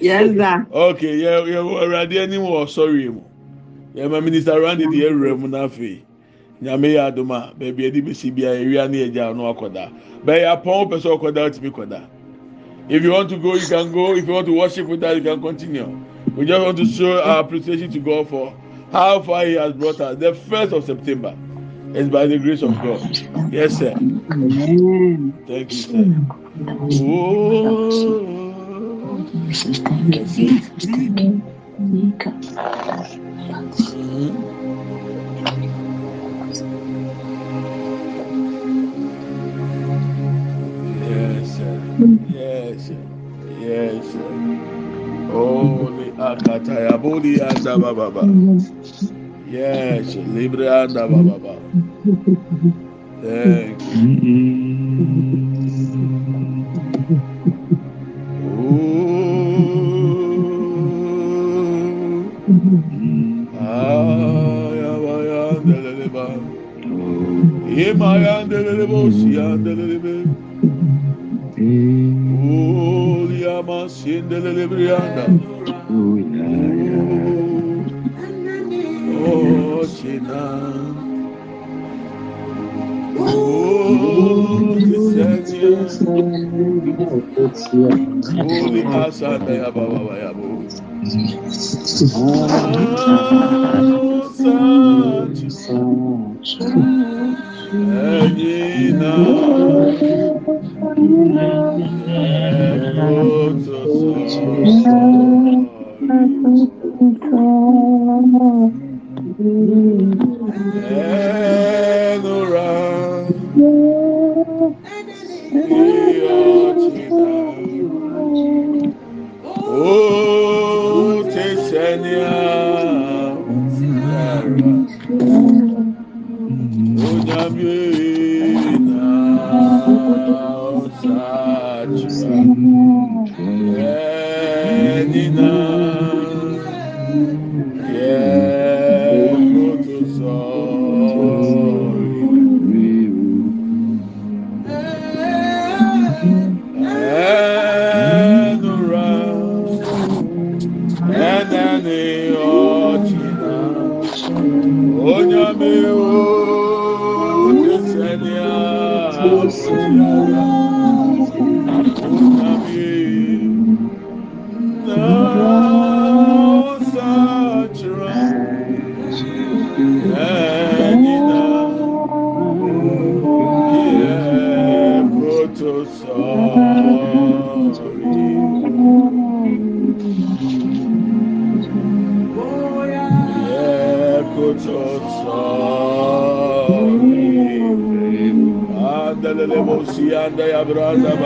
yes sir. okay yẹ yẹ wọ awurade ẹni wọ ọsọrọ yẹ mu yẹ ma minister randy di ewura mu mm-hmm. n'afẹ nyame yɛ adoma baabi ɛdi besi bia ewia ne ɛgya ɔno akɔda bɛyɛ apɔn pɛ sɛ ɔkɔda ɔtumi kɔda if you want to go you can go if you want to worship with us you can continue we just want to show our appreciation to God for how far he has brought us the first of September is by the grace of God yes sir Amen. thank you sir. Oh. Jesus, thank you, Jesus, thank you. Nika. Yes, sir. yes, sir. yes. Sir. Oh, the akataya body and baba baba. Yes, libre and baba baba. Thank you. Rebos Yandelebe. Ulyama Sindele Brianda. Oh, China. Holy Asa, Baba, Baba, Baba. brother.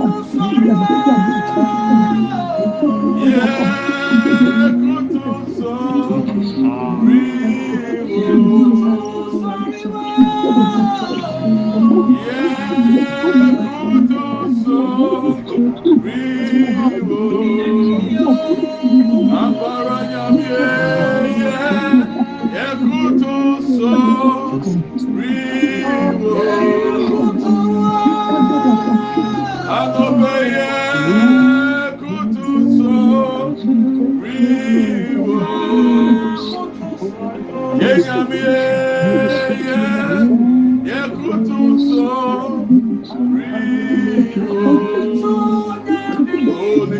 Oh,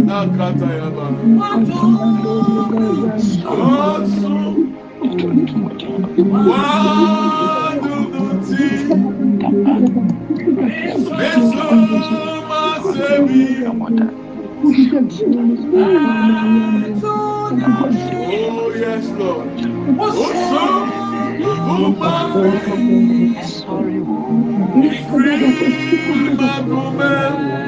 Nakatayaba. Osu. Oh yes, Lord.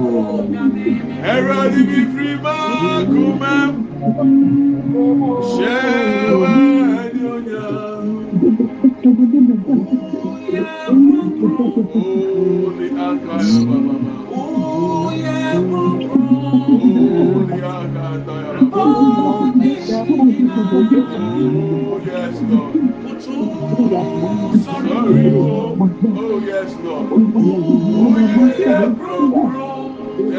Ẹ̀rọ̀dì mi fi oh kú mẹ́. oh, oh yes, Lord. Oh, yeah, bro,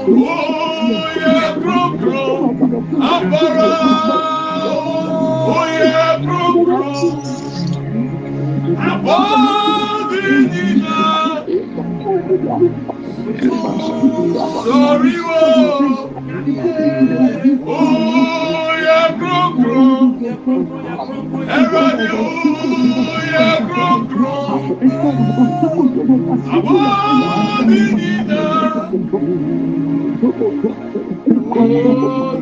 Oya krokro abara. Oya krokro abodi nina. Sori wo. Oya krokro. Ẹ̀rọ ni oya krokro. Abodi nina.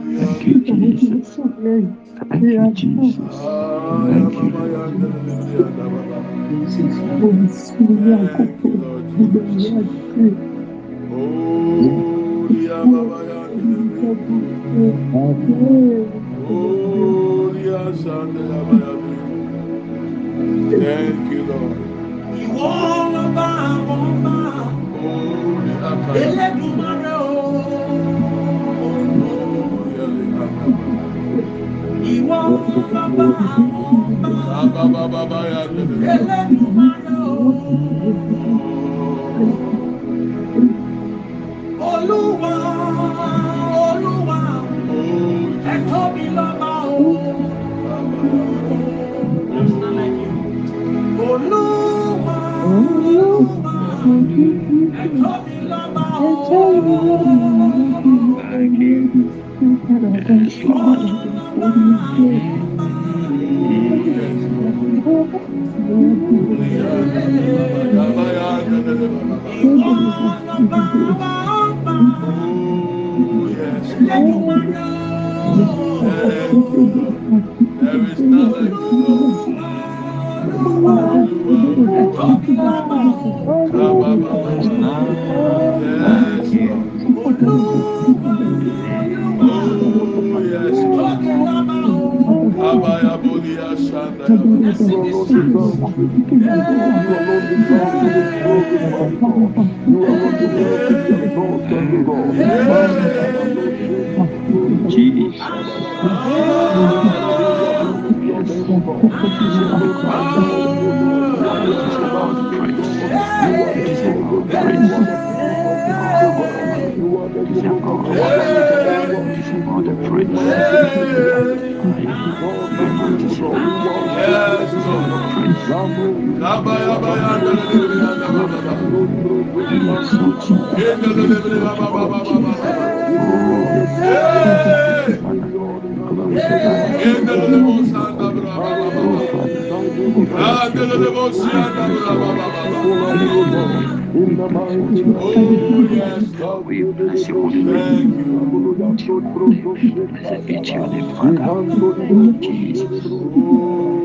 Thank you, Jesus. Thank you, Jesus. Thank you. Thank you, Lord. You all about Baba baba ya. You alone deserve to be praised. You alone deserve to be glorified, Lord. You alone deserve to be the Lord. Oh, yes, God. We bless your holy name. Blessed be your name, Father. Jesus.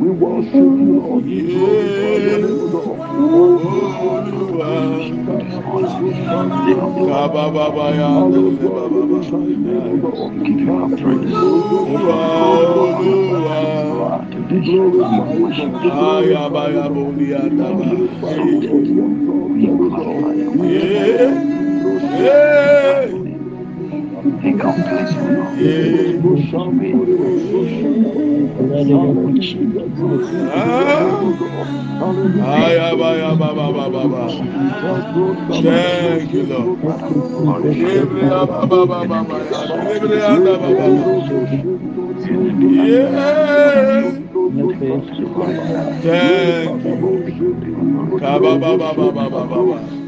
We worship you, Lord. We glorify your name, Lord. Yeah. Thank you, Lord. you.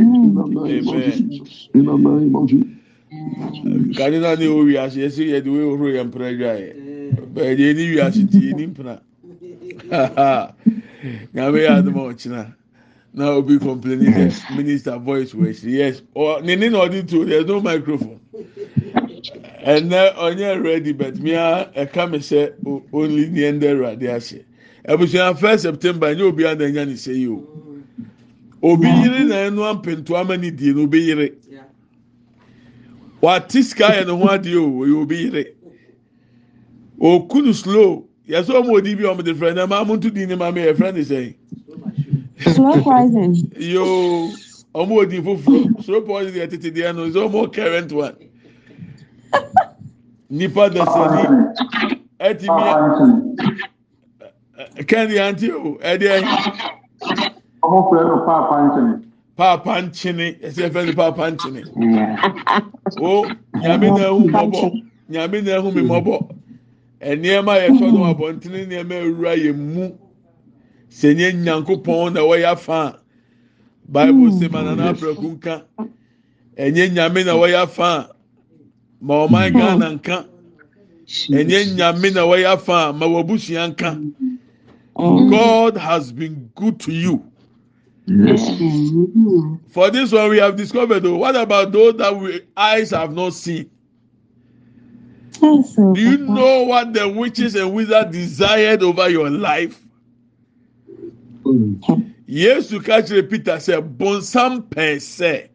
In the name of Jesus. In the name of Jesus. kanina ne o wiase esi yɛ de wehoro yɛ mpere dwa yɛ bɛɛ de ni wiase tie ni mpena nyame yɛ adama ɔkyina na obi complain sɛ minister voice wɔ akyiri yes ɔ ne ne na ɔde tuo there is no microphone ɛnɛ ɔnyɛ ready but mia ɛka e mi sɛ only ni ɛndɛ ɛwurade ahyɛ ebusua first september nye obi a na enya ne se yi o obi yiri na ɛnu ampentuama ni die na obi yiri wate sika yɛ ne ho adeɛ o oyɛ obi yiri okunu slow yɛsɛ ɔmo odi bi ɔmo de fɛ na maa mo ntu di ne maa mi yɛ fɛ ne sɛn slow poison yoo ɔmo odi foforɔ slow poison yɛ tete deɛ no sɛ ɔmo current one nipa dasani ɛti e mi kɛndi anti o ɛdi e ɛyi. paapa nkyene. paapa nkyene ẹsẹ paapa nkyene. o nyame na ehu mọbọ nyame na ehu mi mọbọ ewura mu nyanko na baibu ma nana nyame na ma nyame na ma nka mm. god has been good to you. Mm-hmm. For this one, we have discovered. Though, what about those that we eyes have not seen? Do you know what the witches and wizards desired over your life? Mm. Yesu kakyere Peter sɛ bonsam pɛɛ sɛ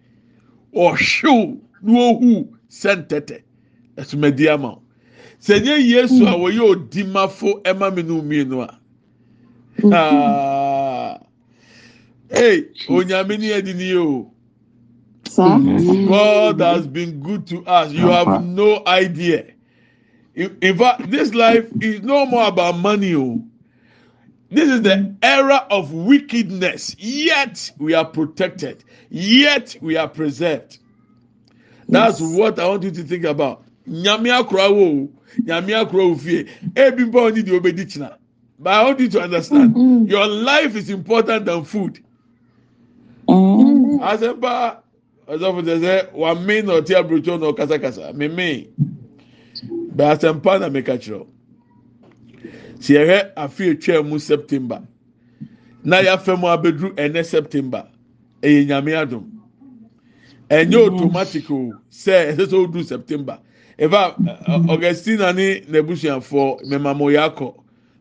ɔhyew na ohu sɛ ntɛtɛ ɛtumadi ama o sɛ nye Yesu mm. a wɔyɛ odimafo ɛma minu no mmienu mm-hmm. ah, hey onyame ni God has been good to us. You have no idea. In fact, this life is no more about money. This is the mm. era of wickedness. Yet we are protected. Yet we are preserved. That's yes. what I want you to think about. Nyamia krawo, nyamia krawo Everybody Everybody need obedichna. But I want you to understand, mm-hmm. your life is important than food. asɛmpa ɔsɔfo tɛ sɛ wame na ɔte aburokyo na ɔkasakasa meme bɛ asɛmpa na meka kyerɛw si yɛhwɛ afi etwa mu september na yɛafɛ mu abɛduru ɛnɛ september ɛyɛ nyame adum ɛnyɛ automatic o sɛ ɛsɛ sɛ du september efa eh, augustina ne n'abusuafoɔ mɛma mo yɛ akɔ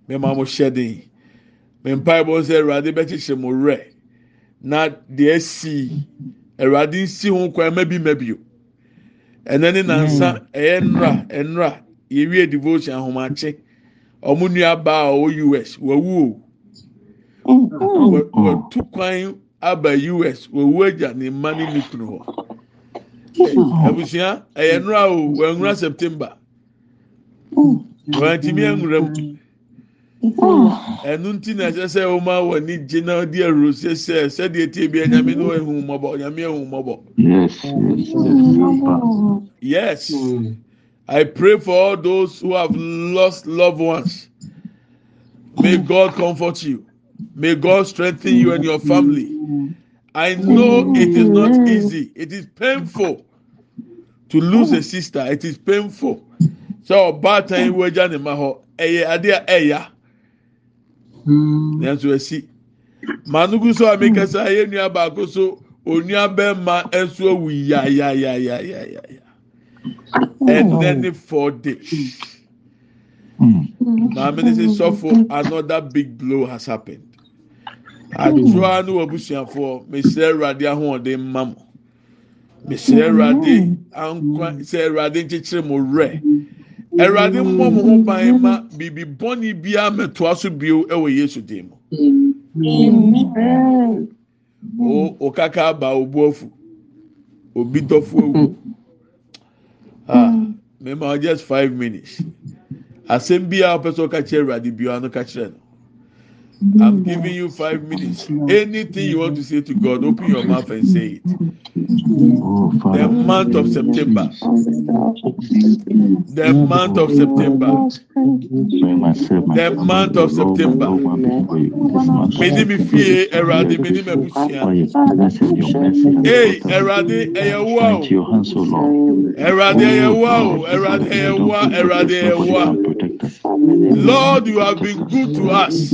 mɛma mo hyɛ den mɛmpa ɛbɔ nsɛ ɛwurade bɛkyekyere mo rɛ. na deɛ si awurade nsi ho kwan ma bi ma bio ne nansa hmm. ɛyɛ nnura nnura yɛwie devotion ahomakye ɔmo nua baa ɔwɔ us wawu o hmm. watu kwan aba us wawu agya ne mma ne ne kunu hɔ hmm. abusua ɛyɛ nnura o wɔn nnura september wɔn atimi nnura mu. ɛnu nti na ɛsɛ sɛ ɔmo awɔ ni gye na ɔdi ɛro sɛsɛ yes i pray for all those who have lost loved ones may god comfort you may god strengthen you and your family i know it is not easy it is painful to lose a sister it is painful so ɔbaatan wo agya ne ma hɔ ɛyɛ adeɛ ɛya. nanso hmm. asi maanugu so a mekasa hmm. yɛ nua baako so onua bɛrima nso awu yayayayayaya ɛnɛ oh. ne four days hmm. maame ne sɛ sɔfo another big blow has happened adodoa ne wɔ abusuafoɔ mesrɛ awurade ahoɔden mma mo mesrɛ awurade ankwa sɛ awurade nkyekyere mo werɛ awurade mmɔ mo ho ban ma biribi bɔnni biara mɛtoa so bio wɔ yesu dan mu o o kaka aba obu ofu obi dɔfo ewu ah mɛma just five minutes asɛm biara ɔpɛ sɛ ɔka kyerɛ awurade biara no ka kyerɛ no. I'm mm-hmm. giving you five minutes. Mm-hmm. Anything you want to say to God, open your mouth and say it. Oh, the month of September. The month of oh, September. The month of September. Mede mi fie Erade mede mi Hey Erade ẹyẹ wa o. Erade ẹyẹ wa o. Erade Erade Lord, you have been good to us.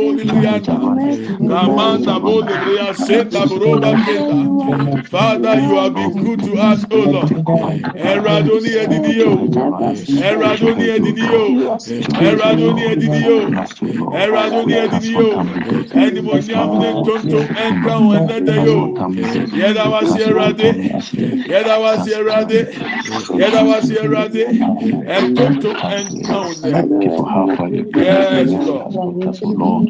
Bodrianda, Father, you have been good to us, O Lord. was was was and Yes, Lord.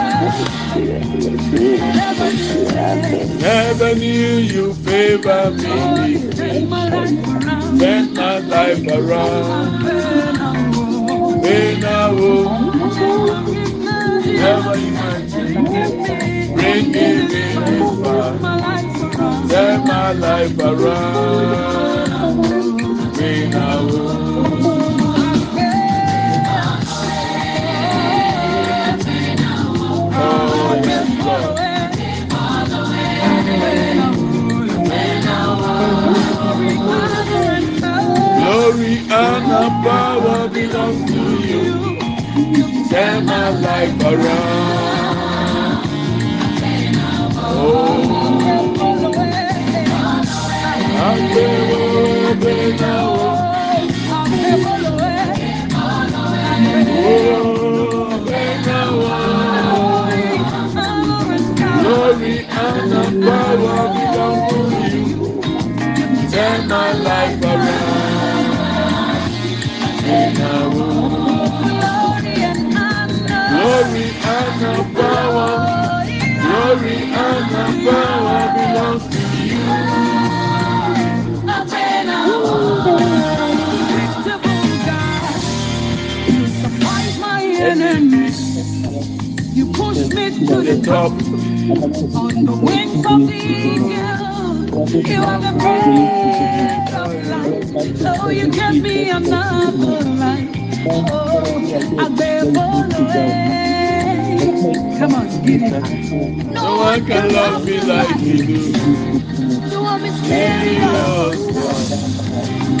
Never knew you favor me. Turn my life around. Rain now, never imagine. Bring me, bring far. Turn my life around. The power belongs to you. turn my life around. Oh, I'm able to now. Oh, to the top. On the wings of the you are the breath of life. Oh, you give me another life. Oh, I for the away. Come on, get it. No one can love me like you do. You are mysterious.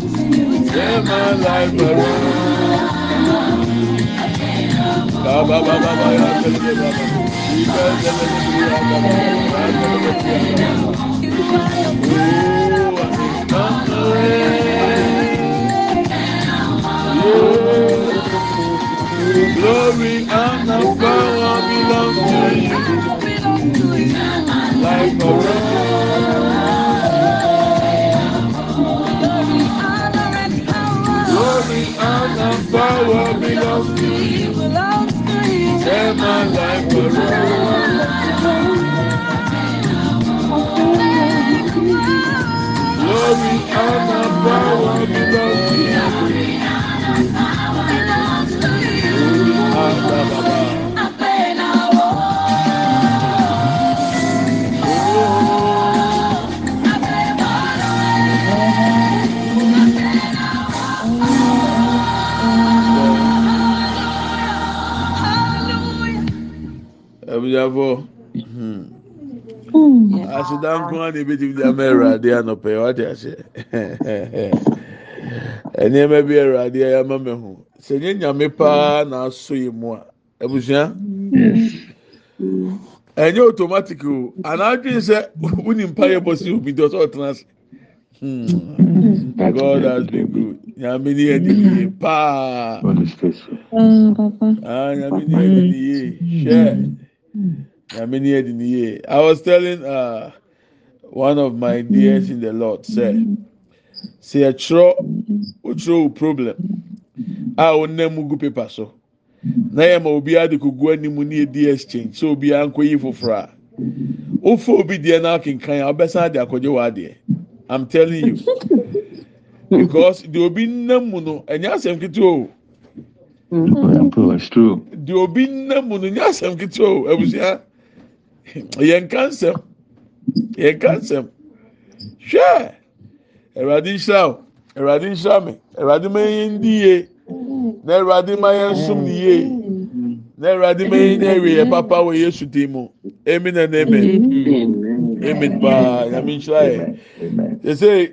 my library. Glory and the power belong to you, like a the power belongs to you. Belongs my life around. asodanko ah. a na ebetumi di ama awurade anɔpɛ wate ahyɛ nneɛma bi awurade a yɛama mɛ ho sɛ nye nyame paa na aso yi mu a abusua ɛnyɛ automatic o anaadwi sɛ wuni mpa yɛ bɔ si obi dɔ sɛ ɔtena ase god has been good nyame ni ɛni ni ye paa nyame ni ɛni ni ye hyɛ. I was telling uh, one of my dears in the Lord, say, say a true problem. I will name Mugu paper so. Na ya ma obi adi kugu animu ni edi exchange so obi anko yi fofra. Ofe obi die na akinkan ya obesa adi akoje wa adi. I'm telling you. Because the obi namu no enya asem kito o. It's true. The obi namu no enya asem kito o. Oh. Ebusia. Ah. yɛ nka nsɛm yɛnka nsɛm hwɛ awurade nhyira wo awurade nhyira me awurade maɛɛ ndi ye na awurade mayɛ nsom ne yie na awurade mayɛnɛ awie yɛ papa wɔ yɛsu de mu mi none mi mibaa name nhyirayɛ sɛ sɛi